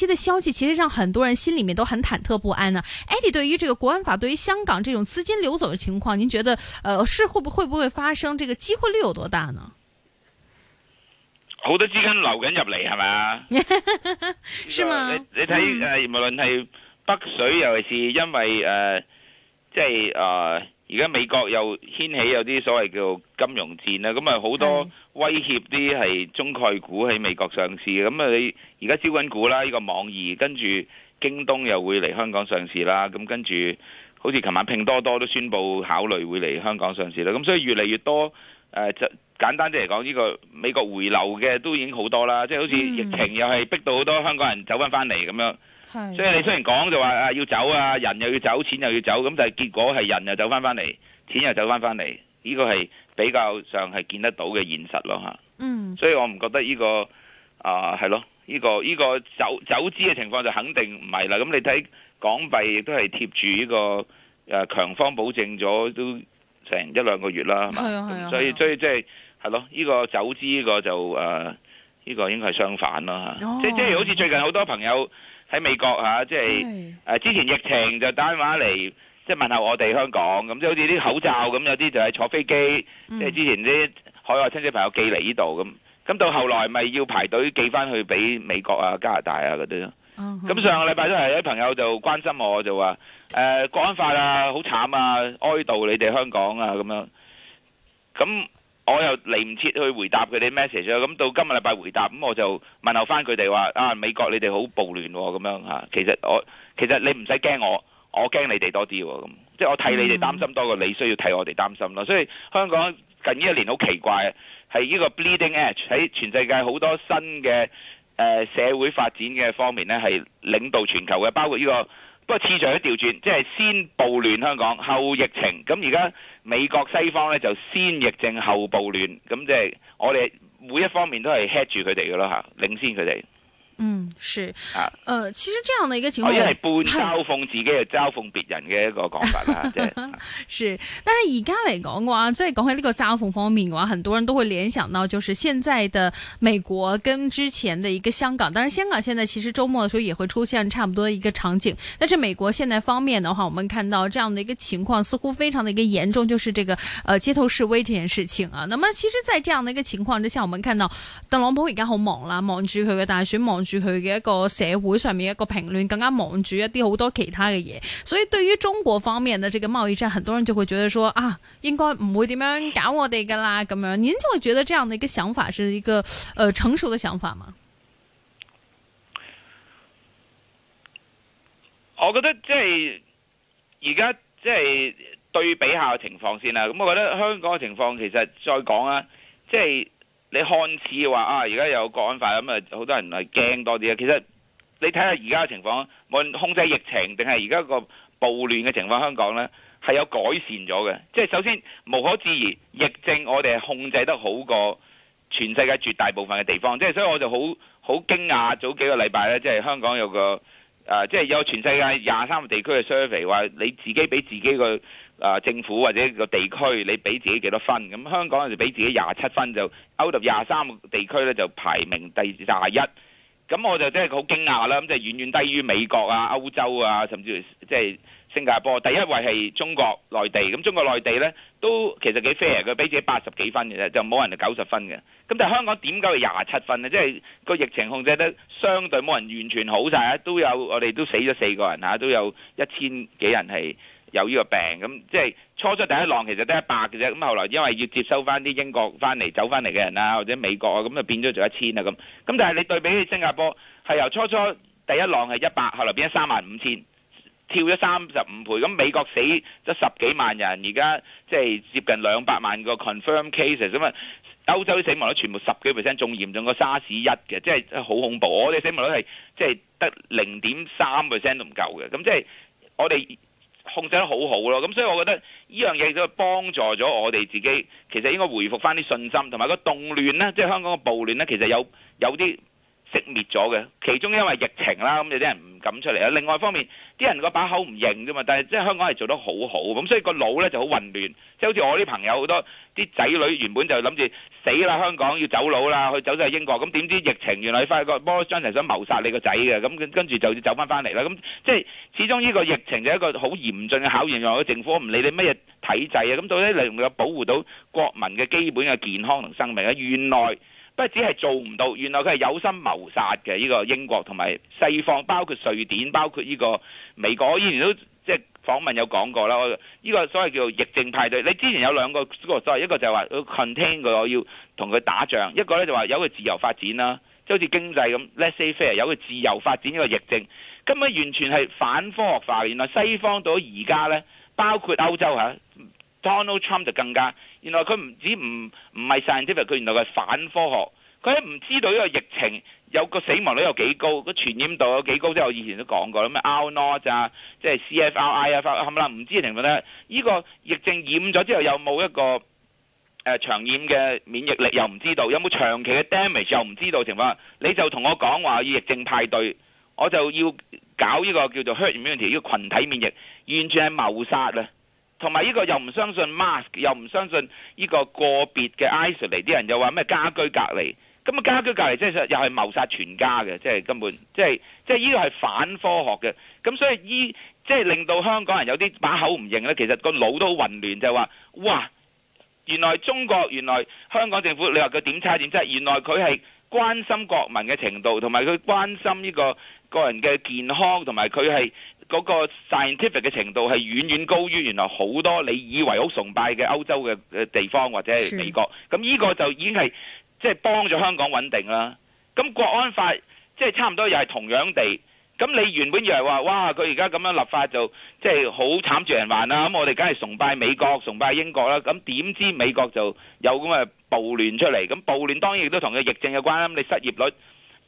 期的消息其實讓很多人心裏面都很忐忑不安呢、啊。Eddie 對於這個國安法，對於香港這種資金流走的情況，您覺得呃是會不會不會發生？這個機會率有多大呢？好多資金流緊入嚟係咪啊？是， 是嗎？這個、你你睇誒、呃，無論係北水，尤其係因為誒、呃，即係啊。呃而家美國又掀起有啲所謂叫金融戰啦，咁啊好多威脅啲係中概股喺美國上市，咁啊你而家招緊股啦，呢個網易，跟住京東又會嚟香港上市啦，咁跟住好似琴晚拼多多都宣布考慮會嚟香港上市啦，咁所以越嚟越多、呃，就簡單啲嚟講，呢個美國回流嘅都已經好多啦，即係好似疫情又係逼到好多香港人走返返嚟咁樣。所以你雖然講就話啊要走啊人又要走，錢又要走，咁但係結果係人又走翻翻嚟，錢又走翻翻嚟，呢個係比較上係見得到嘅現實咯嚇。嗯，所以我唔覺得呢個啊係咯，呢個呢個走走資嘅情況就肯定唔係啦。咁你睇港幣亦都係貼住呢個誒、啊、強方保證咗都成一兩個月啦，係嘛？係啊，係啊，係啊，所以所以即係係咯，呢個走資呢個就誒啊呢個應該係相反咯嚇。哦、即即係好似最近好多朋友。喺美國啊，即係誒之前疫情就打電話嚟，即係問下我哋香港咁，即係好似啲口罩咁，有啲就係坐飛機，即係之前啲海外親戚朋友寄嚟呢度咁，咁到後來咪要排隊寄翻去俾美國啊、加拿大啊嗰啲咯。咁上個禮拜都係有啲朋友就關心我，就話誒國安法啊，好慘啊，哀悼你哋香港啊咁樣，咁。我又嚟唔切去回答佢哋 message 咁到今日禮拜回答，咁我就問候翻佢哋話啊，美國你哋好暴亂咁樣嚇，其實我其實你唔使驚我，我驚你哋多啲喎，咁即係我替你哋擔心多過你、mm. 需要替我哋擔心咯，所以香港近呢一年好奇怪，係呢個 bleeding edge 喺全世界好多新嘅誒社會發展嘅方面呢係領導全球嘅，包括呢個。不過次序都調轉，即係先暴亂香港，後疫情。咁而家美國西方咧就先疫症後暴亂，咁即係我哋每一方面都係 hit 住佢哋㗎咯嚇，領先佢哋。嗯，是啊，呃，其實這樣的一個情況，我係、哦、半嘲諷自己也嘲諷別人的一個講法啦，即係，但是而家來講嘅話，再講起呢個嘲諷方面嘅話，很多人都會聯想到，就是現在的美國跟之前的一個香港，當然香港現在其實周末的時候也會出現差不多一個場景。但是美國現在方面的話，我們看到這樣的一個情況，似乎非常的一個嚴重，就是這個，呃，街頭示威這件事情啊。那麼其實，在這樣的一個情況之下，我們看到特朗普而家好忙啦，忙住佢嘅大選，忙住，忙住住佢嘅一個社會上面的一個評論，更加望住一啲好多其他嘅嘢，所以對於中國方面嘅這個貿易戰，很多人就會覺得說啊，應該唔會點樣搞我哋噶啦咁樣。您就會覺得這樣的一個想法是一個，誒、呃、成熟的想法嗎？我覺得即係而家即係對比下情況先啦。咁、嗯、我覺得香港嘅情況其實再講啊，即係。你看似話啊，而家有國安法咁啊，好多人係驚多啲啊。其實你睇下而家嘅情況，無論控制疫情定係而家個暴亂嘅情況，香港呢係有改善咗嘅。即係首先，無可置疑，疫症我哋係控制得好過全世界絕大部分嘅地方。即係所以我就好好驚訝早幾個禮拜呢，即係香港有個啊，即係有個全世界廿三個地區嘅 survey 話你自己俾自己個。啊！政府或者個地區，你俾自己幾多分？咁香港就俾自己廿七分，就歐度廿三個地區咧就排名第廿一。咁我就真係好驚訝啦！咁即係遠遠低於美國啊、歐洲啊，甚至即係新加坡，第一位係中國內地。咁中國內地呢都其實幾 fair 嘅，佢俾自己八十幾分嘅，就冇人係九十分嘅。咁但係香港點解會廿七分呢？即係個疫情控制得相對冇人完全好晒，都有我哋都死咗四個人嚇、啊，都有一千幾人係。有呢個病咁，即係初初第一浪其實得一百嘅啫，咁後來因為要接收翻啲英國翻嚟走翻嚟嘅人啊，或者美國啊，咁就變咗做一千啦咁。咁但係你對比起新加坡，係由初初第一浪係一百，後來變咗三萬五千，跳咗三十五倍。咁美國死咗十幾萬人，而家即係接近兩百萬個 confirm cases 咁啊。歐洲死亡率全部十幾 percent，仲嚴重過沙士一嘅，即係好恐怖。我哋死亡率係即係得零點三 percent 都唔夠嘅，咁即係我哋。控制得好好咯，咁所以我覺得呢樣嘢都係幫助咗我哋自己，其實應該回復翻啲信心，同埋個動亂呢，即係香港嘅暴亂呢，其實有有啲熄滅咗嘅，其中因為疫情啦，咁有啲人。咁出嚟啊！另外一方面，啲人個把口唔認啫嘛，但係即係香港係做得好好，咁所以個腦咧就好混亂，即係好似我啲朋友好多啲仔女原本就諗住死啦，香港要走佬啦，去走咗去英國，咁點知疫情原來你翻個魔將就想謀殺你個仔嘅，咁跟住就要走翻翻嚟啦，咁即係始終呢個疫情就係一個好嚴峻嘅考驗，任何政府唔理你乜嘢體制啊，咁到底你有冇保護到國民嘅基本嘅健康同生命啊？原來。佢只係做唔到，原來佢係有心謀殺嘅。呢個英國同埋西方，包括瑞典，包括呢個美國，我以前都即係訪問有講過啦。呢個所謂叫做疫症派對，你之前有兩個科學家，一個就話 cont 要 contain 佢，我要同佢打仗；一個咧就話有個自由發展啦，即係好似經濟咁，laissez-faire 有個自由發展呢個疫症，根本完全係反科學化。原來西方到而家呢，包括歐洲嚇。Donald Trump 就更加，原來佢唔止唔唔係 scientific 佢原來係反科學，佢唔知道呢個疫情有個死亡率有幾高，個傳染度有幾高，即係我以前都講過啦咩 R naught 啊，即係 CFR 啊，係咪啦？唔知情況咧，呢個疫症染咗之後有冇一個誒、呃、長染嘅免疫力又唔知道，有冇長期嘅 damage 又唔知道嘅情況，你就同我講話要疫症派對，我就要搞呢個叫做 herd immunity 呢個群體免疫，完全係謀殺啊！同埋呢個又唔相信 mask，又唔相信呢個個別嘅 isolate，啲人又話咩家居隔離，咁啊家居隔離即係又係謀殺全家嘅，即係根本即係即係呢個係反科學嘅，咁所以呢，即係令到香港人有啲把口唔認咧，其實個腦都好混亂，就話哇原來中國原來香港政府你話佢點差點即係原來佢係關心國民嘅程度，同埋佢關心呢個個人嘅健康，同埋佢係。嗰個 scientific 嘅程度係遠遠高於原來好多你以為好崇拜嘅歐洲嘅地方或者係美國，咁呢個就已經係即係幫咗香港穩定啦。咁國安法即係差唔多又係同樣地，咁你原本以為話哇佢而家咁樣立法就即係好慘絕人寰啦，咁我哋梗係崇拜美國、崇拜英國啦，咁點知美國就有咁嘅暴亂出嚟，咁暴亂當然亦都同佢疫症有關，咁你失業率，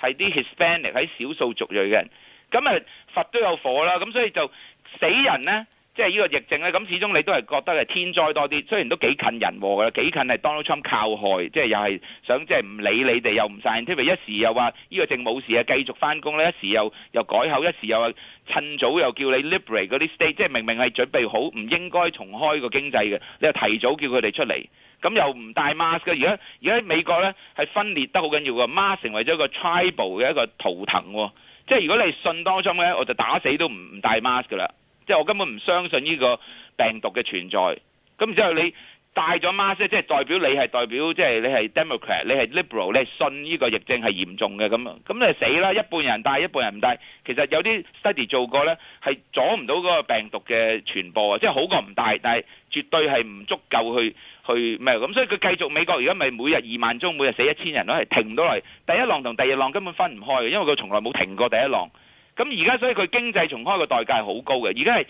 係啲 Hispanic 喺少數族裔嘅人，咁啊佛都有火啦，咁所以就死人呢，即係呢個疫症咧，咁始終你都係覺得係天災多啲，雖然都幾近人禍，嘅啦幾近係 Donald Trump 靠害，即係又係想即係唔理你哋又唔 scientific，因為一時又話呢個疫冇事啊，繼續翻工咧，一時又又改口，一時又話趁早又叫你 liberate 嗰啲 state，即係明明係準備好唔應該重開個經濟嘅，你又提早叫佢哋出嚟。咁又唔戴 mask 嘅，而家而家喺美國咧係分裂得好緊要嘅，mask 成為咗一個 tribal 嘅一個圖騰，哦，即係如果你信當中咧，我就打死都唔唔戴 mask 噶啦，即係我根本唔相信呢個病毒嘅存在，咁然之後你。戴咗 mask，即係代表你係，代表即係你係 Democrat，你係 Liberal，你係信呢個疫症係嚴重嘅，咁啊，咁你死啦！一半人戴，一半人唔戴，其實有啲 study 做過咧，係阻唔到嗰個病毒嘅傳播啊！即係好過唔戴，但係絕對係唔足夠去，去咩咁，所以佢繼續美國而家咪每日二萬宗，每日死一千人咯，係停唔到落嚟。第一浪同第二浪根本分唔開，因為佢從來冇停過第一浪。咁而家所以佢經濟重開個代價係好高嘅，而家係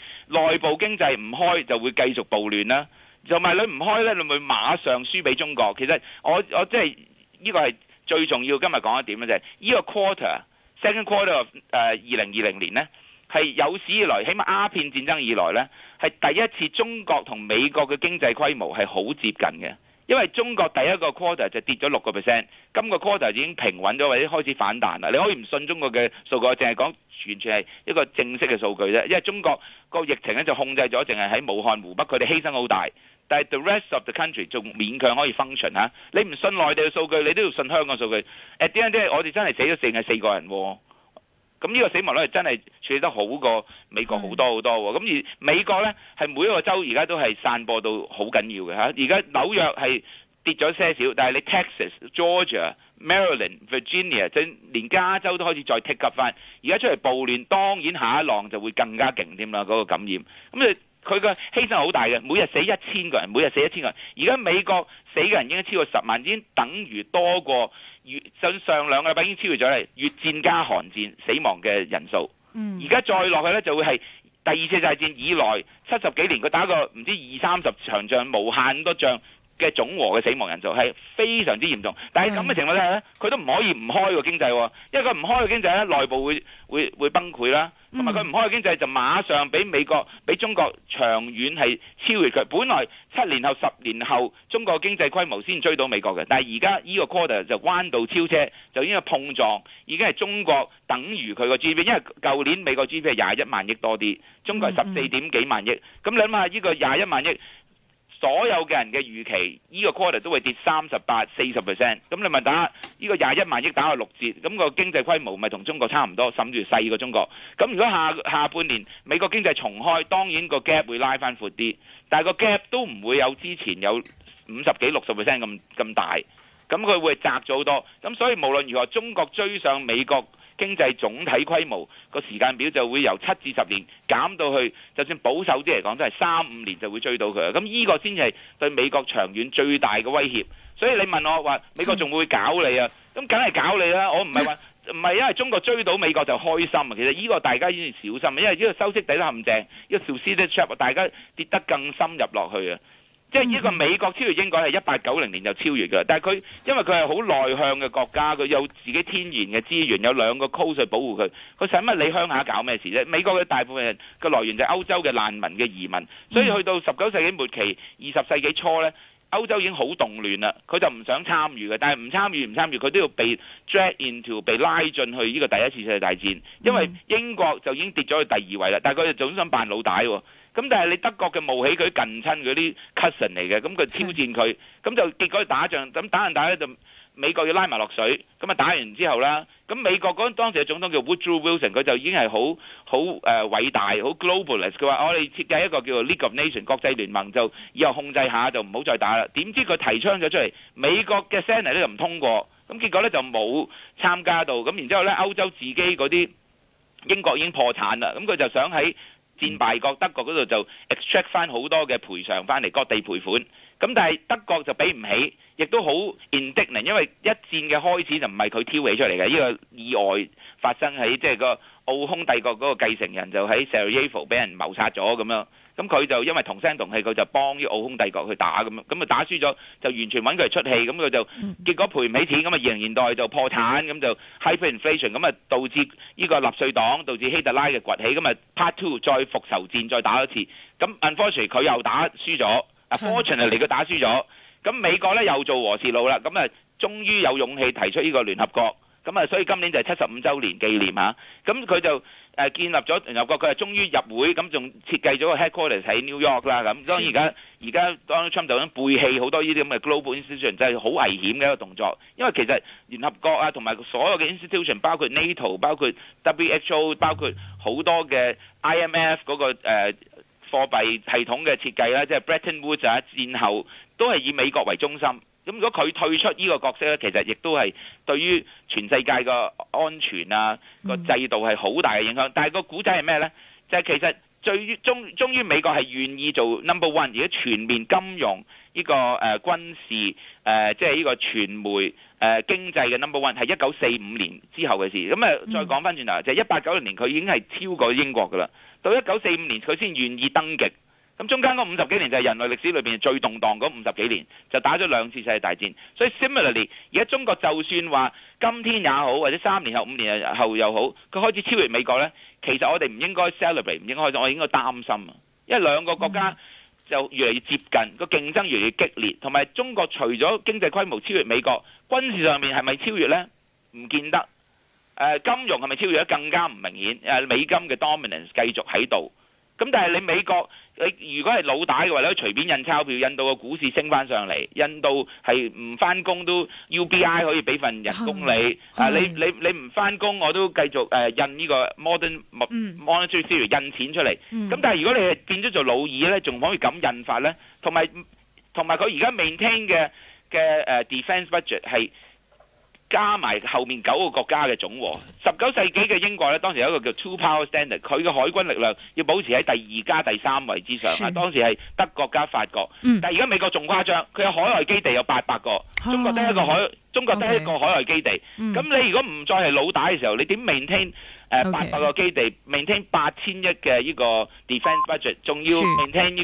內部經濟唔開就會繼續暴亂啦。就賣你唔開咧，你會馬上輸俾中國。其實我我即係呢個係最重要今日講一點嘅，就，啫，係，呢個 quarter second quarter 誒二零二零年呢，係有史以來，起碼鴉片戰爭以來呢，係第一次中國同美國嘅經濟規模係好接近嘅。因為中國第一個 quarter 就跌咗六個 percent，今個 quarter 已經平穩咗或者開始反彈啦。你可以唔信中國嘅數據，淨係講完全係一個正式嘅數據啫。因為中國個疫情咧就控制咗，淨係喺武漢湖北，佢哋犧牲好大。但係 the rest of the country 仲勉強可以 function 吓。你唔信內地嘅數據，你都要信香港數據。誒，點解，即係我哋真係死咗淨係四個人。咁呢個死亡率真係處理得好過美國好多好多喎，啊，咁的而美國呢，係每一個州而家都係散播到好緊要嘅嚇，而家紐約係跌咗些少，但係你 Texas、Georgia、Maryland、Virginia 即連加州都開始再 take up 翻，而家出嚟暴亂，當然下一浪就會更加勁添啦，嗰、嗰個感染咁你。佢嘅犧牲好大嘅，每日死一千個人，每日死一千個人。而家美國死嘅人已經超過十萬，已經等於多過越，上兩個禮拜已經超越咗啦。越戰加韓戰死亡嘅人數，而家、嗯、再落去呢，就會係第二次大戰以來七十幾年佢打過唔知二三十場仗、無限多仗嘅總和嘅死亡人數，係非常之嚴重。但係咁嘅情況下呢，佢、嗯、都唔可以唔開個經濟、哦，因為佢唔開個經濟呢，內部會會會崩潰啦。同埋佢唔開經濟就馬上俾美國俾中國長遠係超越佢。本來七年後、十年後中國經濟規模先追到美國嘅，但係而家呢個 quarter 就彎道超車，就應該碰撞已經係中國等於佢個 GDP。因為舊年美國 GDP 係廿一萬億多啲，中國係十四點幾萬億。咁你諗下呢個廿一萬億。所有嘅人嘅預期，呢、呢個 quarter 都會跌三十八、四十 percent。咁你問、呢個、21萬打呢個廿一萬億打去六折，咁、那個經濟規模咪同中國差唔多，甚至細過中國。咁如果下下半年美國經濟重開，當然個 gap 會拉翻闊啲，但係個 gap 都唔會有之前有五十幾、六十 percent 咁咁大。咁佢會窄咗好多。咁所以無論如何，中國追上美國。經濟總體規模個時間表就會由七至十年減到去，就算保守啲嚟講都係三五年就會追到佢，咁呢個先係對美國長遠最大嘅威脅。所以你問我話美國仲會搞你啊？咁梗係搞你啦！我唔係話唔係因為中國追到美國就開心啊。其實呢個大家一定要小心，因為呢個收息底都唔正，呢、呢個收息嘅 trap 大家跌得更深入落去啊。即係呢個美國超越英國係一八九零年就超越嘅，但係佢因為佢係好內向嘅國家，佢有自己天然嘅資源，有兩個高去保護佢。佢使乜你鄉下搞咩事啫？美國嘅大部分嘅來源就係歐洲嘅難民嘅移民，所以去到十九世紀末期、二十世紀初呢，歐洲已經好動亂啦，佢就唔想參與嘅，但係唔參與唔參與，佢都要被 drag into 被拉進去呢個第一次世界大戰，因為英國就已經跌咗去第二位啦，但係佢就總想扮老大喎。咁但係你德國嘅冒起佢近親嗰啲 cousin 嚟嘅，咁佢挑戰佢，咁就結果去打仗，咁打完打咧就美國要拉埋落水，咁啊打完之後啦，咁美國嗰當時嘅總統叫 Woodrow Wilson，佢就已經係好好誒偉大、好 globalist，佢話我哋設計一個叫做 League of Nations 國際聯盟，就以後控制下就唔好再打啦。點知佢提倡咗出嚟，美國嘅 Senate 咧就唔通過，咁結果咧就冇參加到，咁然之後咧歐洲自己嗰啲英國已經破產啦，咁佢就想喺。戰敗國德國嗰度就 extract 翻好多嘅賠償翻嚟，各地賠款。咁但係德國就俾唔起，亦都好 indignant 呢，因為一戰嘅開始就唔係佢挑起出嚟嘅，呢個意外發生喺即係個奧匈帝國嗰個繼承人就喺 Sarajevo 俾人謀殺咗咁樣。咁佢就因為同聲同氣，佢就幫啲奧匈帝國去打，咁咁啊打輸咗就完全搵佢出氣，咁佢就結果賠唔起錢，咁啊二零年代就破產，咁就 hyperinflation，咁啊導致呢個納粹黨，導致希特拉嘅崛起，咁啊 part two 再復仇戰再打一次，咁 unfortunately 佢又打輸咗，fortune 嚟佢打輸咗，咁美國咧又做和事佬啦，咁啊終於有勇氣提出呢個聯合國。咁啊，所以今年就係七十五週年紀念吓。咁佢就誒建立咗聯合國，佢係終於入會，咁仲設計咗個 headquarter 喺 New York 啦。咁當然而家而家 Donald Trump 就咁背棄好多呢啲咁嘅 global institution，就係好危險嘅一個動作。因為其實聯合國啊，同埋所有嘅 institution，包括 NATO、包括 WHO、包括好多嘅 IMF 嗰個誒貨幣系統嘅設計啦，即係 Bretton Woods 啊，戰後都係以美國為中心。咁如果佢退出呢個角色咧，其實亦都係對於全世界個安全啊，個制度係好大嘅影響。但係個古仔係咩咧？就係、是、其實最終終於美國係願意做 number one，而家全面金融呢，這個誒、呃、軍事誒，即係呢個傳媒誒、呃、經濟嘅 number one 係一九四五年之後嘅事。咁啊，再講翻轉頭，就係一八九零年佢已經係超過英國噶啦，到一九四五年佢先願意登極。咁中間嗰五十幾年就係人類歷史裏邊最動盪嗰五十幾年，就打咗兩次世界大戰。所以 similarly，而家中國就算話今天也好，或者三年後五年後又好，佢開始超越美國呢，其實我哋唔應該 celebrate，唔應該開心，我應該擔心啊，因為兩個國家就越嚟越接近，個競爭越嚟越激烈，同埋中國除咗經濟規模超越美國，軍事上面係咪超越呢？唔見得。誒，金融係咪超越得？更加唔明顯。誒，美金嘅 dominance 繼續喺度。咁但係你美國？你如果係老大嘅話，你可以隨便印鈔票，印到個股市升翻上嚟，印到係唔翻工都 UBI 可以俾份人工你，啊你你你唔翻工我都繼續誒印呢個 modern、嗯、monetary theory 印錢出嚟，咁、嗯、但係如果你係變咗做老二咧，仲可以咁印法咧，同埋同埋佢而家 maintain 嘅嘅誒 defense budget 係。加埋後面九個國家嘅總和，十九世紀嘅英國咧，當時有一個叫 Two Power Standard，佢嘅海軍力量要保持喺第二加第三位之上。是啊，當時係德國加法國、嗯、但係而家美國仲誇張，佢有海外基地有八百個，嗯、中國得一個海， 中國得一個海外基地。咁 你如果唔再係老大嘅時候，你點 maintain 誒八百個基地，maintain 八千億嘅呢個 defense budget，仲要 maintain 呢？